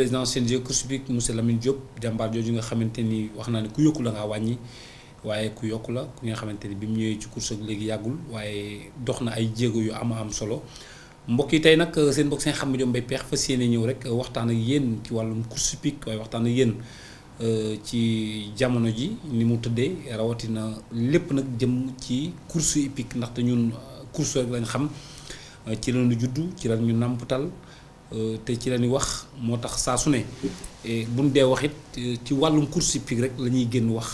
président CNG course bi monsieur Lamine Diop jàmbaar jooju nga xamante ni wax naa ne ku yokku la ngaa wàññi waaye ku yokku la ku nga xamante ni bi mu ñëwee ci course ak léegi yàggul waaye dox na ay jéego yu am am solo mbokk yi tey nag seen mbokk seen xam ne jom bay peex fas yéene ñëw rek waxtaan ak yéen ci wàllum course hippique waaye waxtaan ak yéen euh, ci jamono ji ni mu tëddee rawatina lépp nag jëm ci course ndaxte ñun euh, course rek lañ xam euh, ci lañu juddu ci lañu nàmpatal Euh, te ci la ñuy wax moo tax saa su ne eh, buñ dee wax it eh, ci wàllum course hippique rek la ñuy génn wax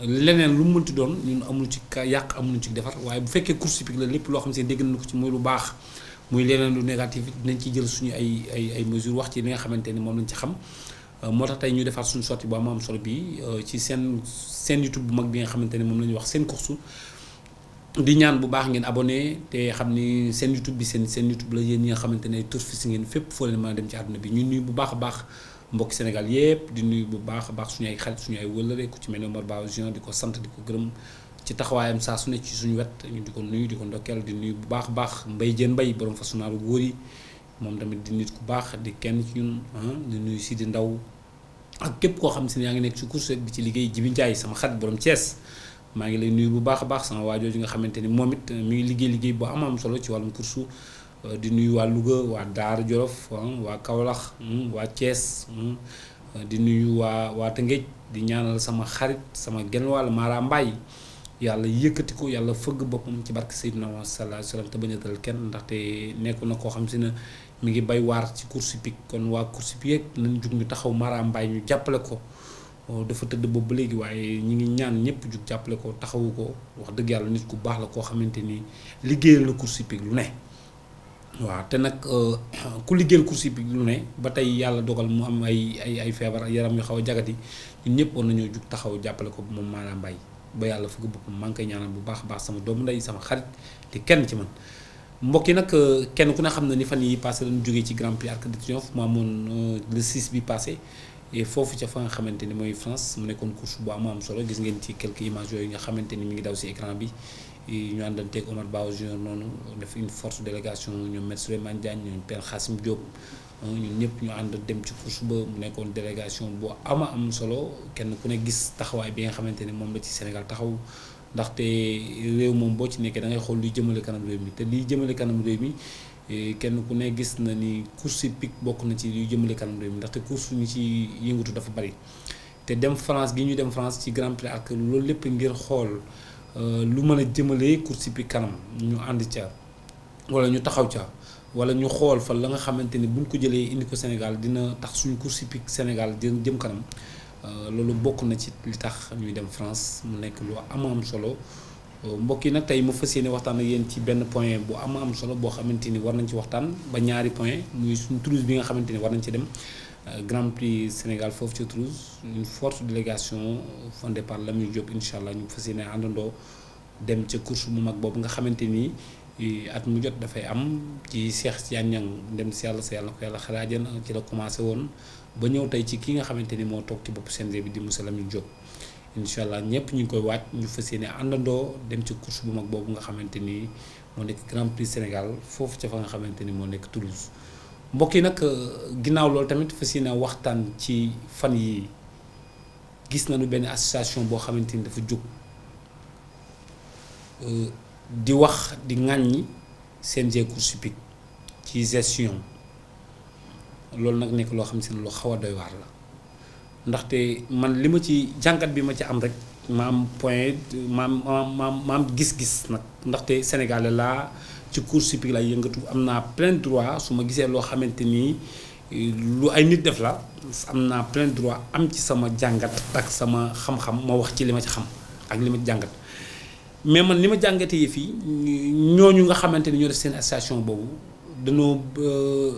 leneen lu mu mënti doon ñun amul ci yàq amul ci defar waaye bu fekkee course hippique la lépp loo xam ne dégg nañu ko ci mooy lu baax muy leneen lu négatif dinañ ci jël suñu ay ay ay wax ci li nga xamante ni moom lañ ci xam euh, moo tax tey ñu defaat suñu sortie bu am am solo bii euh, ci seen seen bu mag bi nga xamante ne moom la ñuy wax seen course di ñaan bu baax ngeen abonné te xam ni seen YouTube bi seen seen YouTube la yéen ñi nga xamante ne tur fi si ngeen fépp foo leen a dem ci àdduna bi ñu nuyu bu baax a baax mbokki Sénégal yépp di nuyu bu baax a baax suñu ay xarit suñu ay wëllëre ku ci mel ne Omar Ba di ko sant di ko gërëm ci taxawaayam saa su ne ci suñu wet ñu di ko nuyu di ko ndokkeel di nuyu bu baax baax Mbaye Diène Mbaye borom façon naaru góor yi moom tamit di nit ku baax di kenn ci ñun ah, di nuyu Sidi Ndaw ak képp koo xam si ne yaa ngi nekk ci course bi ci liggéey Jibi Njaay sama xarit borom Thiès ma ngi lay nuyu bu baax baax sama waajo ji nga xamanteni momit mi ngi liggéey liggéey bu am am solo ci walum kursu euh, di nuyu wa Louga wa Dar Jolof ah, wa Kaolack hmm, wa Thiès hmm, euh, di nuyu wa wa Tengej di ñaanal sama xarit sama genwal Mara Mbaye yalla yëkkati ko yalla fëgg boppam ci barke sayyidina Muhammad sallallahu alayhi wasallam te bañ a dal kenn ndaxte na ko xam ci na mi ngi bay war ci course pic kon wa course pic nañ taxaw Mara Mbaye ñu jàppale ko. Oh, dafa tëdd boobu ba léegi waaye ñi ngi ñaan ñëpp jug jàppale ko taxawu ko wax dëgg yàlla nit ku baax la koo xamante ni liggéeyal na course hippique lu ne waaw te nag euh, ku liggéeyal course hippique lu ne ba tey yàlla dogal mu am ay ay ay feebar yaram yu xaw a jagati ñun ñëpp war nañoo jug taxaw jàppale ko moom maanaam mbay ba yàlla fukk boppam maa ngi koy ñaanal bu baax baax sama doomu ndey sama xarit di kenn ci man mbokk yi nag euh, kenn ku ne xam na ni fan yi passé lañu jógee ci Grand Prix Arc de Triomphe mu amoon euh, le 6 bi passé et fofu ci fa nga xamanteni moy France mu nekkoon course bu am am solo gis ngeen ci quelques images yooyu nga xamanteni mi ngi daw ci écran bi ñu andante ak Omar Ba junior noonu def une force délégation ñu met Souleymane Diagne ñu Père Khassim Diop ah, ñun ñëpp ñu ànd dem ci course ba mu nekkoon délégation bu ama am solo kenn ku ne gis taxaway bi nga xamanteni mom moom la ci Sénégal taxaw ndaxte réew moom boo ci nekkee da ngay xool li jëmale kanam réew mi te li jëmale kanam réew mi kenn ku ne gis na ni course hippique bokk na ci yu jëmale kanam réew mi ndaxte course ñu ci yëngatu dafa bari te dem France gi ñuy dem France ci Grand Prix ak loolu lépp ngir xool euh, lu mën a jëmale course hippique kanam ñu ànd ca wala ñu taxaw ca wala ñu xool fa la nga xamante ni buñ ko jëlee indi ko Sénégal dina tax suñu course hippique Sénégal dina jëm kanam euh, loolu bokk na ci li tax ñuy dem France mu nekk lu am am solo. mbokk yi nag tey mu fas yéene waxtaan ak yéen ci benn point bu am am solo boo xamante ni war nañ ci waxtaan ba ñaari point muy suñu Toulouse bi nga xamante ni war nañ ci dem euh, Grand Sénégal foofu ci Toulouse une forte délégation fondée par incha allah ñu fas yéene àndandoo dem ca course mu mag boobu nga xamante nii euh, at mu jot dafay am ci Cheikh Tidiane Niang dem si yàlla sa yàlla ko yàlla xaraajana ci la commencé woon ba ñëw tey ci kii nga xamante ni moo toog ci bopp CNG bi di la muy Diop. incha allah ñëpp ñu ngi koy waaj ñu fas yéene àndandoo dem ci course bu mag boobu nga xamante ni moo nekk Grand Prix Sénégal foofu ca fa nga xamante ni moo nekk Toulouse. mbokk yi nag euh, ginnaaw loolu tamit fa fas yéene waxtaan ci fan yi gis na nu benn association boo xamante ni dafa jóg euh, di wax di ŋàññi CNG course hippique ci gestion loolu nag nekk loo xam si ne lu xaw a doy waar la. ndaxte man li ma ci jàngat bi ma ci am rek ma am point maam maam maam gis-gis nag ndaxte sénégalais laa ci course hippique lay yëngatu am naa plein droit su ma gisee loo xamante nii eh, lu ay nit def la am naa plein droit am ci sama jàngat ak sama xam-xam ma wax ci li ma ci xam ak li ma ci jàngat mais man li ma jàngatee fii ñooñu nga xamante ni ñoo def seen association boobu danoo dañoo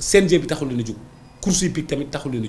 CNG euh, euh, bi taxul leen a jóg course hippique tamit taxul leen a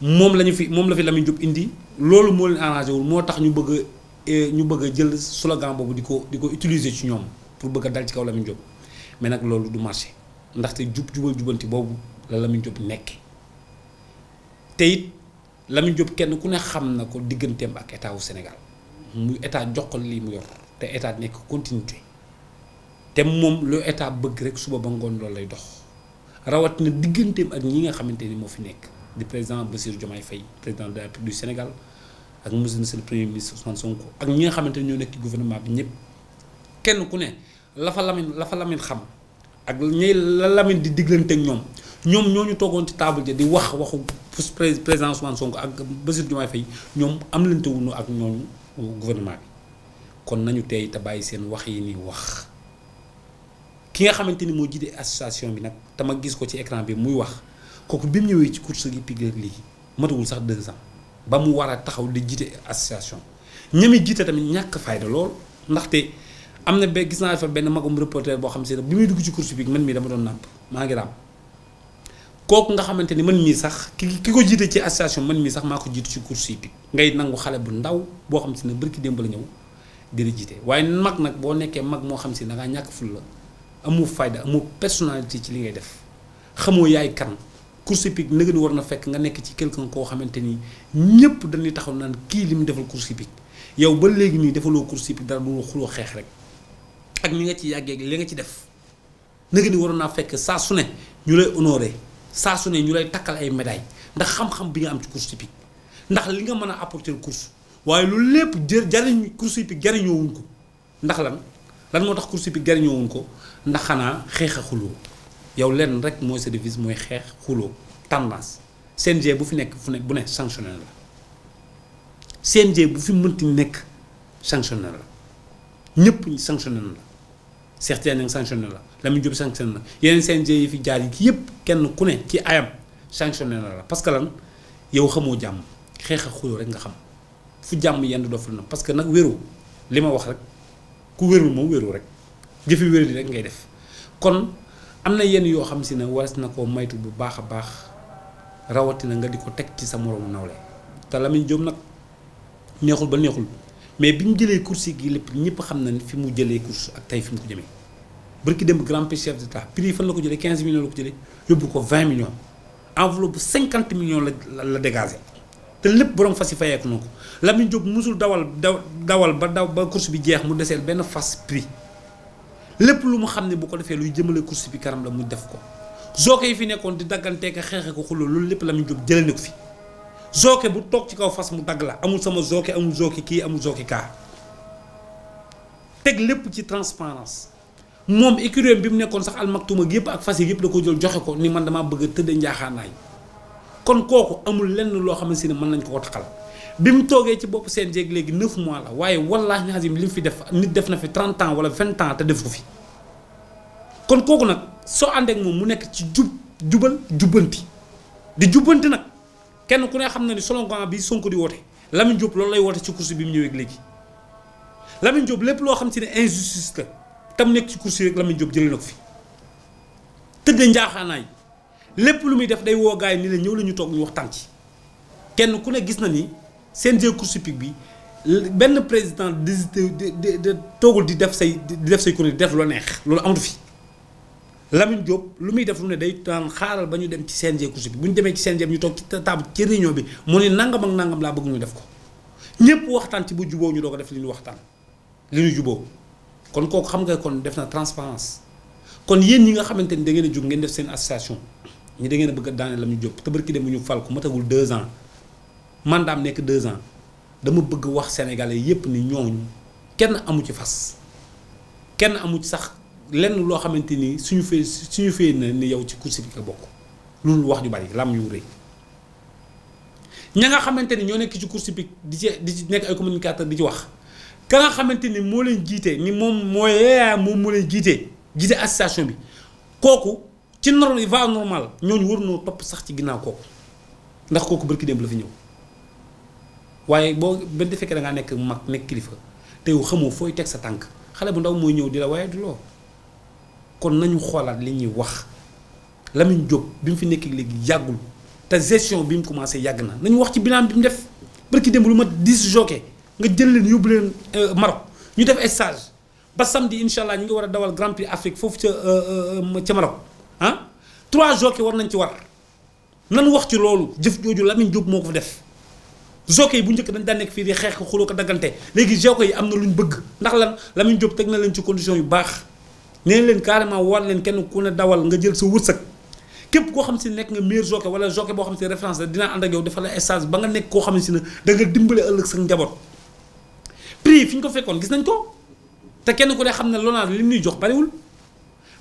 moom la ñu fi moom la fi Lamine Diop indi loolu moo leen arrangé wul moo tax ñu bëgg a eh, ñu bëgg a jël slogan boobu di ko di ko utiliser ci ñoom pour bëgg dal ci kaw Lamine Diop mais nag loolu du marché ndaxte jub jubal jubanti boobu la Lamine Diop nekk te it Lamine kenn ku ne xam na ko digganteem ak état wu Sénégal muy état jox lii mu yor te état nekk continuité te moom loo état bëgg rek suba ba ngoon loolu lay dox rawatina digganteem ak ñi nga xamante ni moo fi nekk. du président Bassir Diomaye Faye président de la République du Sénégal ak monsieur le premier ministre Ousmane Sonko ak ñi nga xamanteni ne ñoo nekk ci gouvernement bi ñëpp kenn ku ne la fa Lamine la fa Lamine xam ak ñi la Lamine di diglante ak ñom ñom ñoo ñu toogoon ci table ja di wax waxu président Ousmane Sonko ak Bassir Diomaye Faye ñom am lante wuñu ak ñooñu gouvernement bi kon nañu tey ta bàyyi seen wax yi ni wax ki nga xamante ni moo association bi nag te ma gis ko ci écran bi muy wax kooku bi mu ñëwee ci course gi Pique léegi matagul sax deux ans ba mu war a taxaw di jiite association ñami jiite tamit ñàkk fayda lool ndaxte am na ba gis naa fa benn magum reporter boo xam si ne bi muy dugg ci course bi man mii dama doon nàmp maa ngi raam kooku nga xamante ni man mii sax ki ki ko jiite ci association man mii sax maa ko jiitu ci course yi ngay nangu xale bu ndaw boo xam si ne bërki démb la ñëw dina jiite waaye mag nag boo nekkee mag moo xam si ne ñàkk ful la amu fayda amu personnalité ci li ngay def xamoo yaay kan course hippique nag war na fekk nga nekk ci quelqu'un koo xamante ni ñëpp dañuy taxaw naan kii li mu defal course hippique yow ba léegi nii defaloo course hippique dara du xuloo xeex rek ak ni nga ci yàggee li nga ci def nag ni waroon naa fekk saa su ne ñu lay honoré saa su ne ñu lay takkal ay médaille ndax xam bi nga am ci course ndax li nga mën a apporter course waaye loolu lépp jë jariñ course hippique jariñoo wuñ ko ndax lan lan moo tax course hippique jariñoo wuñ ko ndax xanaa xeex a xuloo yow lenn rek mooy sa devise mooy xeex xuloo tendance CNG bu fi nekk fu nekk bu ne sanctionné la CNG bu fi mënti nekk sanctionné la ñëpp sanctionné la Cheikh Tidiane Niang sanctionné la Lamine Diop sanctionné la yeneen CNG yi fi jaar yi yëpp kenn ku ne ci ayam sanctionné na la parce que lan yow xamoo jàmm xeex ak xuloo rek nga xam fu jàmm yenn dof la parce que nag wéru li ma wax rek ku wérul moom wéru rek jëfi wéru di rek ngay def am na yenn yoo xam si ne waras na koo maytu bu baax a baax rawatina nga di ko teg ci sa moroomu nawle te Lamine Diop nag neexul ba neexul mais bi mu jëlee course gi lépp ñëpp xam na fi mu jëlee course ak tey fi mu ko jëmee barki dem grand chef d'état prix fan na ko jëlee quinze millions la ko jëlee yóbbu ko 20 millions enveloppe 50 millions la la dégagé te lépp borom fas yi fayeeku na ko Lamine Diop mosul dawal daw dawal ba daw ba course bi jeex mu deseel benn fas prix. lépp lu mu xam ne bu ko defee luy jëmale course bi kanam la mu def ko Zoké yi fi nekkoon di dagganteeg xeexe ko xuloo loolu lépp Lamine Diop jëlee na ko fi Zoké bu toog ci kaw fas mu dagg la amul sama Zoké amul Zoké kii amul Zoké kaa teg lépp ci transparence moom écurie bi mu nekkoon sax almaktuma gi yëpp ak fas yi yëpp da ko jël joxe ko ni man damaa bëgg a tëdd njaaxaanaay kon kooku amul lenn loo xamante ne mën nañ ko ko taxal bi mu toogee ci bopp seen jéeg léegi 9 mois la waaye wallaahi azim li mu fi def nit def na fi 30 ans wala 20 ans te def ko fi kon kooku nag soo àndeek moom mu nekk ci jub jubal jubbanti di jubanti nag kenn ku ne xam na ni slogan bi Sonko di woote Lamine Diop loolu lay woote ci course bi mu ñëwee léegi Lamine Diop lépp loo xam si ne injustice la tam nekk ci course rek Lamine Diop jëlee na fi tëddee njaaxaanaay lépp lu muy def day woo gars ñëw la ñu toog waxtaan ci kenn ku ne gis na ni. CNG course hippique bi ben président de de de toogul di def say di def say kuréel di def lu neex loolu amatu fi Lamine Diop lu muy def lu ne day tan xaaral bañu dem ci CNG course bi buñu demé ci ci CNG ñu tok ci table ci réunion bi mu ni nangam ak nangam la bëgg ñu def ko ñepp waxtaan ci bu jubo ñu doog a def li ñu waxtaan li ñu juboo kon ko xam nga kon def na transparence kon yeen ñi nga xamante da ngeen a jóg ngeen def sen association ñi da ngeen bëgg daane Lamine Diop te barki dem ñu fal ko matagul 2 ans. man daam nekk deux ans dama bëgg wax sénégalais yépp ni ñooñu kenn amu ci fas kenn amu ci sax lenn loo xamante ni suñu fee suñu fee na ni yow ci course bi bokk loolu wax ju bari lam yu ña nga xamante ni ñoo nekk ci course bi di nekk ay di ci wax ka nga xamante ni moo leen jiite ni moom mooy moom moo jiite jiite association bi kooku ci normal va normal ñooñu wër noo topp sax ci ginnaaw kooku ndax kooku bërki démb la fi ñëw waaye boo benn fekkee dangaa ngaa nekk mag nekk kilifa te yow xamoo fooy teg sa tànk xale bu ndaw mooy ñëw di la waaye du loo kon nañu xoolaat li ñuy wax Lamine jóg bi mu fi nekk léegi yàggul te gestion bi mu commencé yàgg na nañu wax ci bilan bi mu def barki démb lu ma dix jockey nga jël leen yóbbu leen euh, Maroc ñu def stage ba samedi incha allah ñu ngi war a dawal Grand Prix foofu ca euh, euh, ca Maroc ah trois jockey war nañ ci war nan wax ci loolu jëf jooju Lamine jóg moo ko fa def. jockey yi bu njëkk dañ daan nekk fii di xeex ko xuloo ko daggante léegi jockey yi am na lu ñu bëgg ndax lan la muy jóg teg na leen ci condition yu baax nee leen carrément war leen kenn ku ne dawal nga jël sa wërsëg képp koo xam si nekk nga meilleur jockey wala jockey boo xam si référence la dinaa ànd ak yow dafa la stage ba nga nekk koo xam si ne da nga dimbale ëllëg sa njaboot prix fi ñu ko fekkoon gis nañ ko te kenn ku dee xam ne Lonase li mu ñuy jox bariwul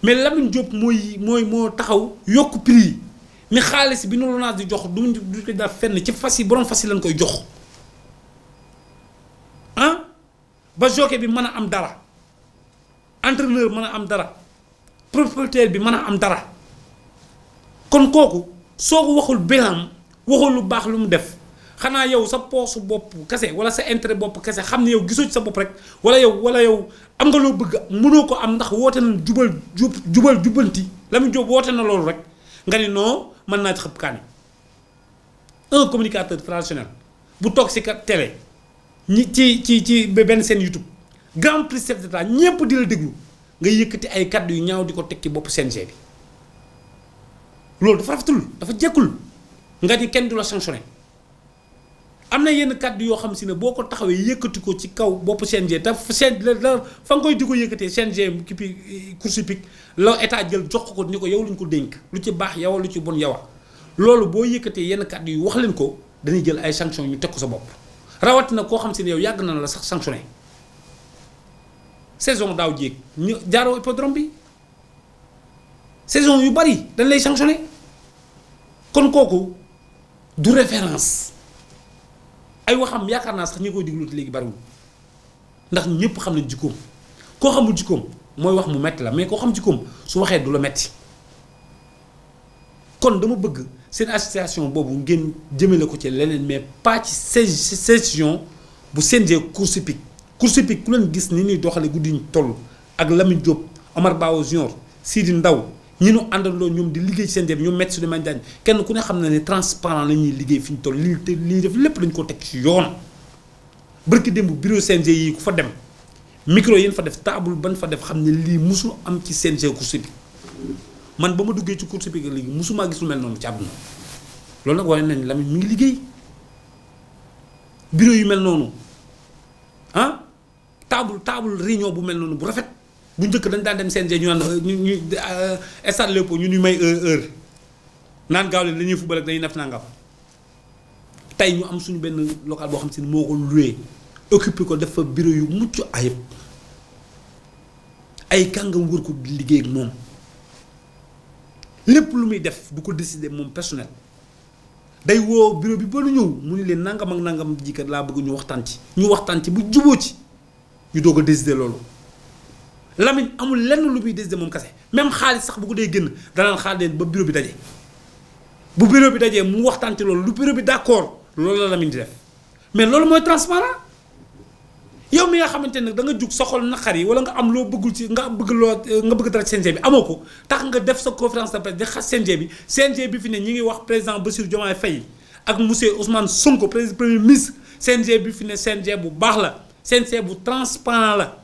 mais Lamine Diop mooy mooy moo taxaw yokk prix ni xaalis bi nu naa di jox du du ko def fenn ci fas yi borom fas yi lañ koy jox ba jockey bi mën a am dara entraîneur mën a am dara propriétaire bi mën a am dara kon kooku soo waxul bilan waxul lu baax lu mu def xanaa yow sa poosu bopp kese wala sa intérêt bopp kese xam ne yow gisoo sa bopp rek wala yow wala yow am nga loo bëgg mënoo ko am ndax woote na jubal jub jubal jubbanti la mu jóob woote na loolu rek nga ni non. man na xep xëpp un communicateur traditionnel bu tok ci télé ñi ci ci ci ben sen youtube grand prix chef d'état ñepp di la déglu nga yëkëti ay kaddu yu ñaaw di tek teg ci bopp CNG bi lolou dafa rafetul dafa jekkul nga di kenn du la am na yenn kàddu yoo xam si ne boo ko taxawee yëkkati ko ci kaw bopp CNG te CNG da fa nga koy di ko yëkkatee CNG ki pi course hippique la état jël jox ko ni ko yow luñ ko dénk lu ci baax yow lu ci bon yow loolu boo yëkkatee yenn kàddu yu wax leen ko dañuy jël ay sanctions ñu teg sa bopp rawatina koo xam si ne yow yàgg na la sax sanctionné saison daaw jeeg ñu jaaroo hippodrome bi saison yu bari dañ lay sanctionné kon kooku du référence. ay waxam yaakaar naa sax ñi koy diglu léegi bariwul ndax ñépp xam nañ jikkoom koo xamul jikkoom mooy wax mu metti la mais koo xam jikkoom su waxee du la metti kon dama bëgg seen association boobu ngeen jëmale ko ci leneen mais pas ci session bu CNG course hippique course hippique ku leen gis ni ñuy doxale guddi toll ak Lamine Diop Omar Bao Junior Sidi Ndaw ñu ñu àndaloo ñoom di liggéey ci bi ñoom métti su demee daañu kenn ku ne xam na ne transparent la ñuy liggéey fi ñu toll li te li def lépp dañu ko teg ci yoon. barki démb bureau CNG yi ku fa dem micro yi nu fa def table ban fa def xam ne lii musul am ci CNG course bi man ba ma duggee ci course bi léegi musumaa gis lu mel noonu ci àdduna loolu nag wane nañ la mu ngi liggéey bureau yu mel noonu taabul ah, taabul table bu mel noonu bu rafet. bu njëkk dañ daan dem CNG ñu naan euh, ñu ñu euh, stade Léopold ñu ñu may euh, heure naan gaaw lañuy dañuy football ak dañuy def nangam tey ñu am suñu benn local boo xam si ne moo ko loué occupé ko def fa bureau yu mucc ayib ay kàngam wër ko liggéey moom lépp lu muy def du ko décider moom personnel day woo bureau bi ba lu ñëw mu ni leen nangam ak nangam ji kat laa bëgg ñu waxtaan ci ñu waxtaan ci bu juboo ci ñu doog a décider loolu. Lamine amul lenn lu muy décidé moom kase même xaalis sax bu ko dee génn danaan xaar leen ba bureau bi daje bu bureau bi dajee mu waxtaan ci loolu lu bureau bi d'accord loolu la Lamine di def mais loolu mooy transparent yow mi nga xamante ne da nga jug sa xol naqar yi wala nga am loo bëggul ci nga bëgg loo nga bëgg dara CNG bi amoo ko tax nga def sa conférence de presse di xas CNG bi CNG bi fi ne ñi ngi wax président Bassirou Diomaye Faye ak monsieur Ousmane Sonko président premier ministre CNG bi fi ne CNG bu baax la CNG bu transparent la.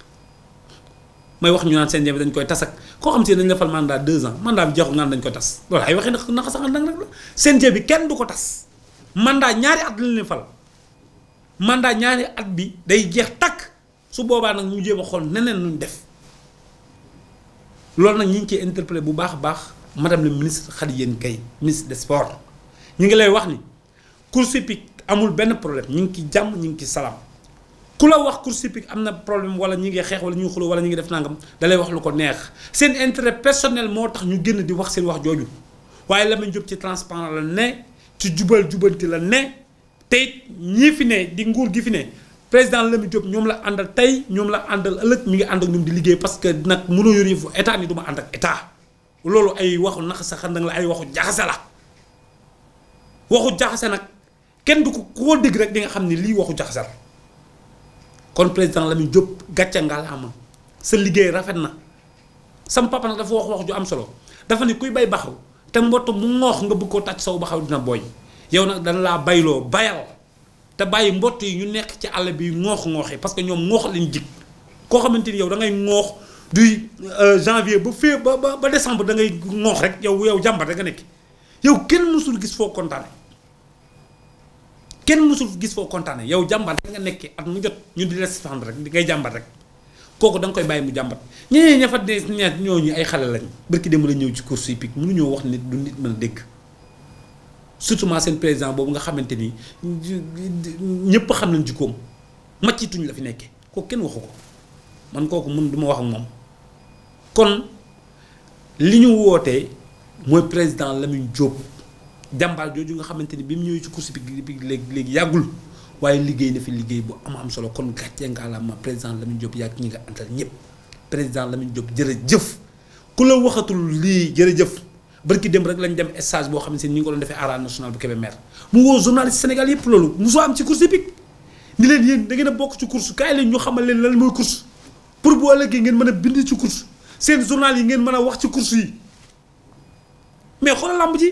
may wax ñu naan seen bi dañ koy tas ak koo xam si dañ la fal mandat 2 ans mandat bi jeexul naan dañ koy tas loolu ay waxee na naxa saxan dang rek la seen bi kenn du ko tas mandat ñaari at lañ leen fal mandat ñaari at bi day jeex takk su boobaa nag ñu jéem a xool neneen nuñ def loolu nag ñu ngi ciy interpellé bu baax a baax madame le ministre Khady Diène kay ministre de sports ñu ngi lay wax ni course hippique amul benn problème ñu ngi ci jàmm ñu ngi ci salaam kula wax course problem amna problème wala ñi ngi xex wala ñu ngi wala ñi ngi def nangam dalay wax lu ko neex seen intérêt personnel mo tax ñu genn di wax seen wax joju waye Lamine Diop ci transparent la ne ci jubal jubanti la ne tay ñi fi ne di nguur gi fi ne président Lamine Diop ñom la andal tay ñom la nak ëlëk mi ngi and ak ñum di liggéey parce que nak mënu yori fu état ni duma and ak état lolu ay waxu nax sa xandang la ay waxu jaxasa la waxu jaxasa nak kenn du ko ko rek di nga xamni li waxu jaxasa la kon président la Lamine Diop gàcce ngalaama sa liggéey rafet na sam papa nag dafa wax wax ju am solo dafa ne kuy bay baxaw te mbott mu ngoox nga bëgg koo tàcc saw baxaw dina booy yow nag dana laa bayloo bayal te bàyyi mbott yi ñu nekk ci àll bi ngoox ngooxi parce que ñoom ngoox lañ jig koo xamante ni yow da ngay ngoox du euh, janvier ba fee ba ba décembre da ngay ngoox rek yow yow jàmbar da nga nekk yow kenn mosul gis foo kontaane kenn mësul gis foo kontaane yow jàmbat rek nga nekkee at mu jot ñu di les fànn rek di ngay jàmbat rek kooku danga koy bàyyi mu jàmbat ñeneen ña fa des ñooñu ay xale lañ barki dem la ñëw ci course hippique mënuñoo wax nit du nit mën a dégg surtout seen président boobu nga xamante ni ñëpp xam nañ jikkoom màccituñ la fi nekkee kooku kenn waxu ko man kooku mun du ma wax ak moom kon li ñu wootee mooy président Lamine jóob jàmbaar jooju nga xamante ni bi mu ñëwee ci course bi léegi léegi yàggul waaye liggéey na fi liggéey bu am am solo kon gàccee ngaalaama président Lamine Diop yàgg ñi nga àndal ñëpp président Lamine Diop jërëjëf ku la waxatul lii jërëjëf barki dem rek lañu dem stage boo xam ne ni ñu ngi ko doon defee arène nationale bu Kébémer mu woo journaliste Sénégal yëpp loolu mosoo am ci course hippique ni leen yéen da a bokk ci course kaay leen ñu xamal leen lan mooy course pour bu ëllëgee ngeen mën a bind ci course seen yi ngeen mën a wax ci course mais xoolal làmb ji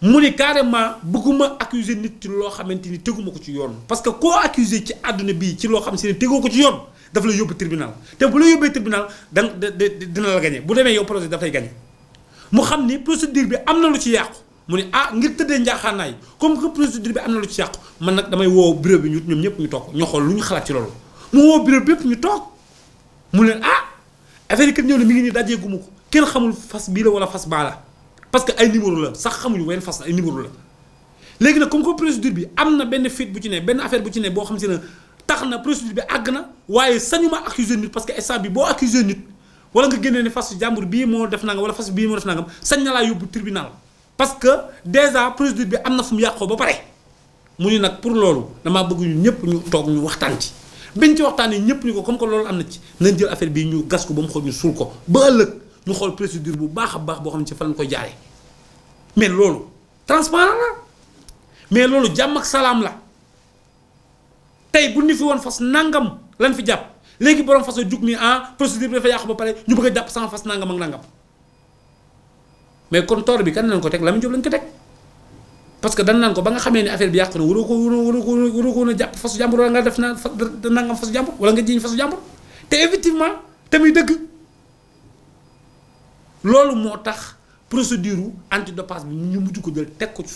mu ni carrément bëgguma accuser nit ci loo xamante ni teguma ko ci yoon parce que koo accuser ci àdduna bii ci loo xam si ne tegoo ko ci yoon daf lay yóbbu tribunal te bu la yóbbee tribunal da dina la gañe bu demee yow projet dafay gañe mu xam ni procédure bi am na lu ci yàqu mu ne ah ngir tëddee njaaxaanaay comme que procédure bi am na lu ci yàqu man nag damay woo bureau bi ñu ñoom ñëpp ñu toog ñu xool lu ñu xalaat ci loolu mu woo bureau bi yëpp ñu toog mu leen ah affaire yi kat ñëw ne mi ngi nii dajeeguma ko kenn xamul fas bii la wala fas baa la parce que ay numéro la sax xamuñu wenn fas ay numéro la légui nak comme que procédure bi amna ben fit bu ci né ben affaire bu ci né bo xam ci na tax na procédure bi agna waye sañuma accuser nit parce que instant bi bo accuser nit wala nga génnee né fas jàmbur bi mo def na nga wala fas bi mo def na nga sañ na la yóbbu tribunal parce que déjà procédure bi amna fum fu ba paré muñu nak pour lolu dama bëgg ñu ñëpp ñu tok ñu waxtaan ci biñ ci waxtaanee ñëpp ñu ko comme que lolu amna ci nañ jël affaire bi ñu gas ko ba mu ñu sul ko ba ëlëk ñu xool procédure bu baax a baax boo xam ne ci fa lañ koy jaaree mais loolu transparent la mais loolu jàmm ak salaam la tey bu ñu fi woon fas nangam lañ fi jàpp léegi borom fas jug ni ah procédure bi dafa yàqu ba pare ñu bëgg a jàpp sama fas nangam ak nangam mais kon toor bi kan lañ ko teg Lamine Diop lañ ko teg parce que dañ naan ko ba nga xamee ne affaire bi yàqu na waroo ko waroo ko waroo ko jàpp fasu jàmbur wala nga def naa nangam fasu jàmbur wala nga jiñ fasu jàmbur te effectivement loolu procédure antidopage bi ñu mujj ko del tek ko ci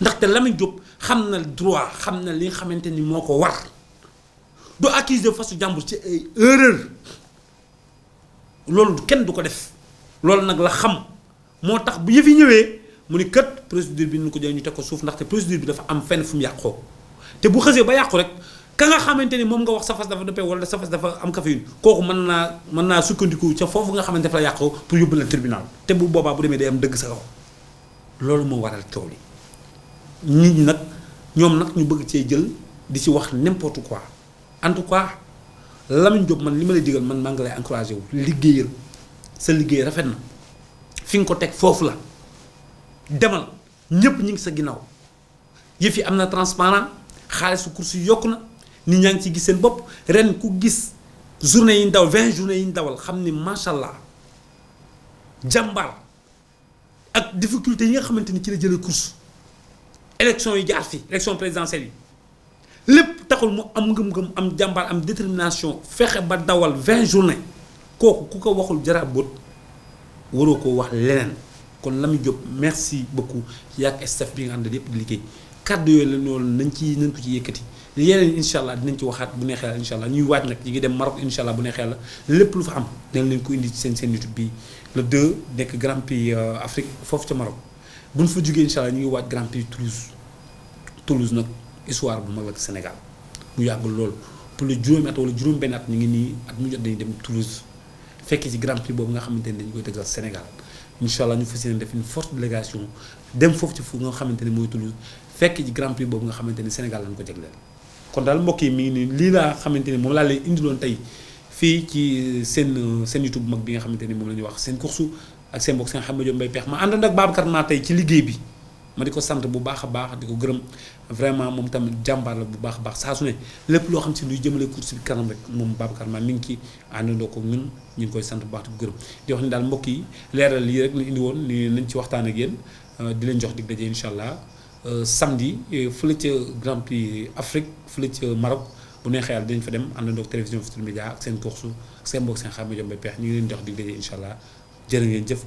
ndax Lamine Diop xamna droit xamna li xamanteni moko de war face accuser ci erreur kenn duko def nak la xam motax bu mu bi ñu ko ñu ko ndax procédure bi dafa am ka nga xamanteni mom nga wax safas dafa wala safas dafa am caféine koku man na man na sukkandiku ci fofu nga xamanteni fa yakko pour yobul la tribunal té bu boba bu démé day am deug sa wax loolu mo waral coow li nit ñi nak ñoom nag ñu bëgg ci jël di ci wax n'importe quoi en tout cas lam Diop man li digal man maa ngi lay encourager wu liggéeyal sa liggéey rafet na fi ko tek fofu la demal ñepp ñing sa ginaaw yefi amna transparent xaalisu kursu yokuna gis ren journée 20 journées, yi xamni ak difficulté yi nga xamanteni ci la course élection yi jaar fi élection présidentielle yi taxul mu am ngëm-ngëm am am détermination fexé ba dawal 20 journées. ko waxul wax lenen kon merci beaucoup yak staff bi nga yeneen incha dinañ ci waxaat bu neexee la ñuy waaj nag ñi ngi dem Maroc incha bu neexee la lépp lu fa am dinañ leen ko indi ci seen seen YouTube bi le 2 nekk Grand Prix euh, Afrique foofu ca Maroc buñ fa jugee incha allah ñu ngi waaj Grand Prix Toulouse Toulouse nag histoire bu mag la Sénégal mu yàggul lool pour le juróomi at wala juróom benn at ñu ngi nii at mu jot dañuy dem Toulouse fekk ci Grand Prix boobu nga xamante ne dañu koy dëggal Sénégal incha ñu fas yéene def une forte délégation dem foofu ci fu nga xamante ne mooy Toulouse fekk ci Grand Prix boobu nga xamante ne Sénégal lañ ko jagleel kon daal mbokk yi mi ngi nii lii laa xamante ni moom laa lay indiloon tey fii ci seen seen YouTube mag bi nga xamante ni moom la ñuy wax seen course ak seen mbokk seen xam ne mbay peex ma àndoon ak tey ci liggéey bi ma di ko sant bu a baax di ko gërëm vraiment moom tamit jàmbaar la baax a baax lépp loo xam si luy jëmale course bi kanam rek moom Babacar maa mi ngi ci àndandoo ko ñun ñu ngi koy sant bu baax di ko gërëm di wax ni daal mbokk yi leeral lii rek lañ indi woon ni ci waxtaan ak yéen di leen jox dig daje incha allah Euh, samedi euh, fële ca Grand Prix Afrique fële ca Maroc bu neexee yàlla dinañ fa dem àndandoo ak télévision Futurs Médias ak seen course ak seen mbokk seen xam ne Jom Peex ñu ngi leen di jox dig daje allah ngeen jëf.